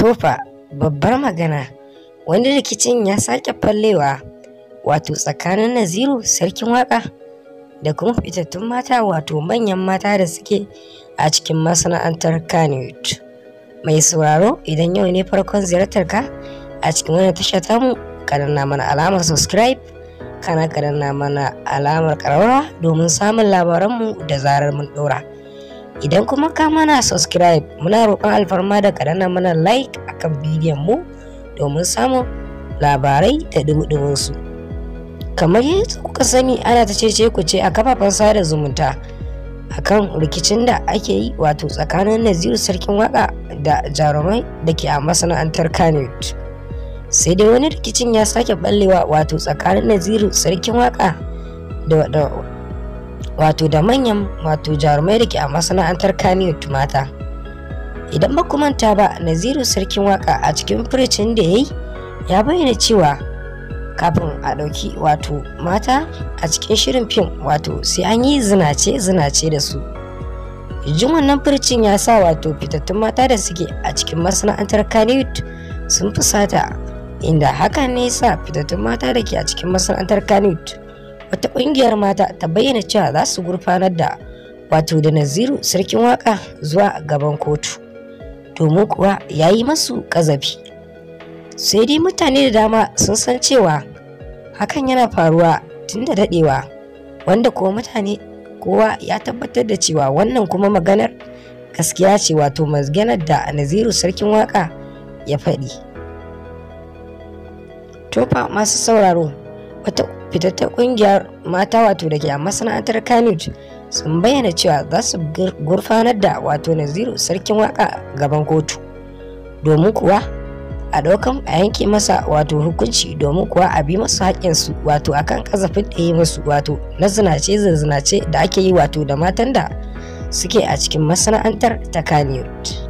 tofa babbar magana wani rikicin ya sake fallewa wato tsakanin naziru sarkin waka da kuma fitattun mata wato manyan mata da suke a cikin masana'antar kanewit mai sauraro idan yau ne farkon ziyartar ka a cikin wani tasha tamu na mana alamar subscribe kana na mana alamar karawa domin samun labaranmu da zarar mun ɗora. idan kuma ka mana subscribe muna roƙon alfarma da ka dana mana like akan bidiyon mu domin samun labarai da dumudumin su kamar yadda kuka sani ana ta cece ku ce a kafafen sada zumunta kan rikicin da ake yi wato tsakanin naziru sarkin waka da jarumai da ke a masana'antar kanut sai dai wani rikicin ya sake ballewa wato tsakanin naziru sarkin waka da wato da manyan wato jarumai da ke a masana'antar kamiyo tumata idan ba manta ba naziru sarkin waka a cikin furicin da ya yi ya bayyana cewa kafin a ɗauki wato mata a cikin shirin fim wato sai an yi zinace zinace da su jin wannan furcin ya sa wato fitattun mata da suke a cikin masana'antar kaniwood sun fusata inda hakan ne sa fitattun mata da ke a cikin masana'antar kaniwood wata ƙungiyar mata ta bayyana cewa za su gurfanar da wato da naziru sarkin waka zuwa gaban kotu domin kuwa ya yi masu ƙazafi sai dai mutane da dama sun san cewa hakan yana faruwa tun da daɗewa wanda kuma mutane kowa ya tabbatar da cewa wannan kuma maganar gaskiya ce wato maganar da naziru sarkin waka ya faɗi tofa masu sauraro wata ta kungiyar mata wato da ke a masana'antar kanut sun bayyana cewa za su gurfanar da wato naziru sarkin waka gaban kotu domin kuwa a ɗaukan a yanke masa wato hukunci domin kuwa a bi masu haƙƙinsu wato akan kazafin da yi masu wato na zinace zinace da ake yi wato da matan da suke a cikin masana'antar ta kanut.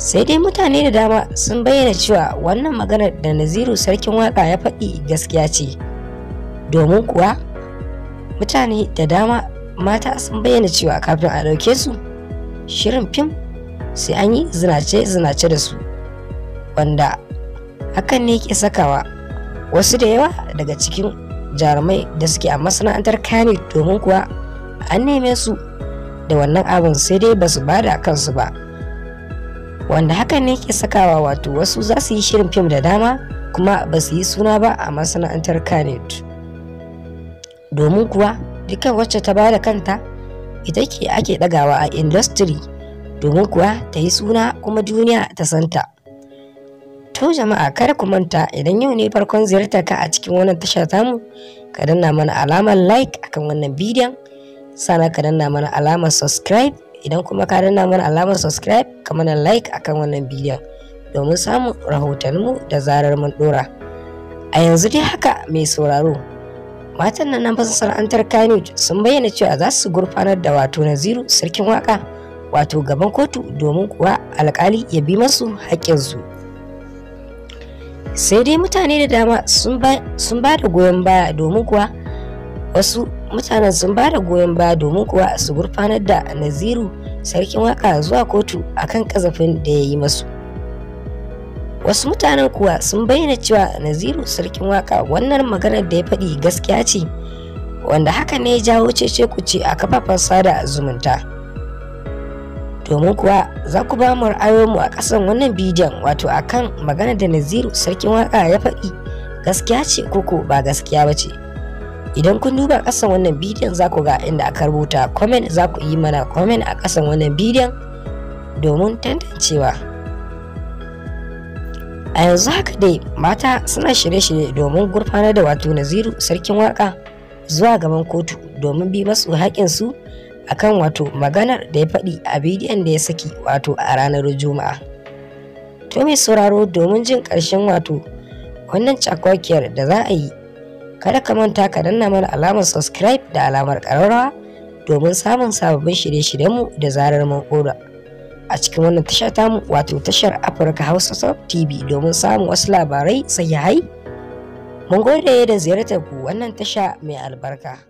sai dai mutane da dama sun bayyana cewa wannan maganar da naziru sarkin waka ya faɗi gaskiya ce domin kuwa mutane da dama mata sun bayyana cewa kafin a ɗauke su shirin fim sai an yi zinace-zinace da su wanda hakan ne ke sakawa wasu da yawa daga cikin jarumai da suke a masana'antar kane domin kuwa an neme su da wannan abin sai dai ba su bada kansu ba. wanda hakan ne ke sakawa wato wasu za su yi shirin fim da dama kuma ba su yi suna ba a masana'antar kanet domin kuwa dukkan wacce ta bada kanta ita ke ake ɗagawa a industry domin kuwa ta yi suna kuma duniya ta santa to jama'a kada ku manta idan yau ne farkon ziyartar ka a cikin wannan tasha tamu ka danna mana alamar like akan wannan bidiyon sana ka danna mana alamar subscribe idan kuma ka danna mana alamar subscribe ka mana like akan wannan bidiyon domin samun rahotanninmu da zarar mun dora a yanzu dai haka mai sauraro matan nan na masana'antar kanut sun bayyana cewa za su gurfanar da wato naziru sarkin waka wato gaban kotu domin kuwa alkali ya bi masu haƙƙinsu sai dai mutane da dama sun ba da goyon baya domin kuwa wasu mutanen sun ba da goyon baya domin kuwa su gurfanar da naziru sarkin waka zuwa kotu akan kazafin da ya yi masu wasu mutanen kuwa sun bayyana cewa naziru sarkin waka wannan maganar da ya faɗi gaskiya ce wanda haka ne ya jawo cece kuce a kafafen sada zumunta domin kuwa za ku ba mu ra'ayoyinmu a ƙasan wannan bidiyon wato akan maganar da naziru sarkin waka ya faɗi gaskiya ce koko ba gaskiya ba ce idan kun duba ƙasan wannan bidiyon za ku ga inda aka rubuta comment za ku yi mana comment a ƙasan wannan bidiyon domin tantancewa a yanzu haka dai mata suna shirye-shirye domin gurfanar da wato naziru sarkin waka zuwa gaban kotu domin bi masu haƙinsu kan wato maganar da ya faɗi a bidiyon da ya saki wato a ranar juma'a to mai sauraro domin jin ƙarshen wato wannan cakwakiyar da za a yi kada ka manta ka danna mana alamar subscribe da alamar ƙararrawa domin samun sababbin shirye-shiryenmu da zarar mun ƙora a cikin wannan tasha tamu wato tashar africa hausa top tv domin samun wasu labarai sahihai mun gode da ziyartar ku wannan tasha mai albarka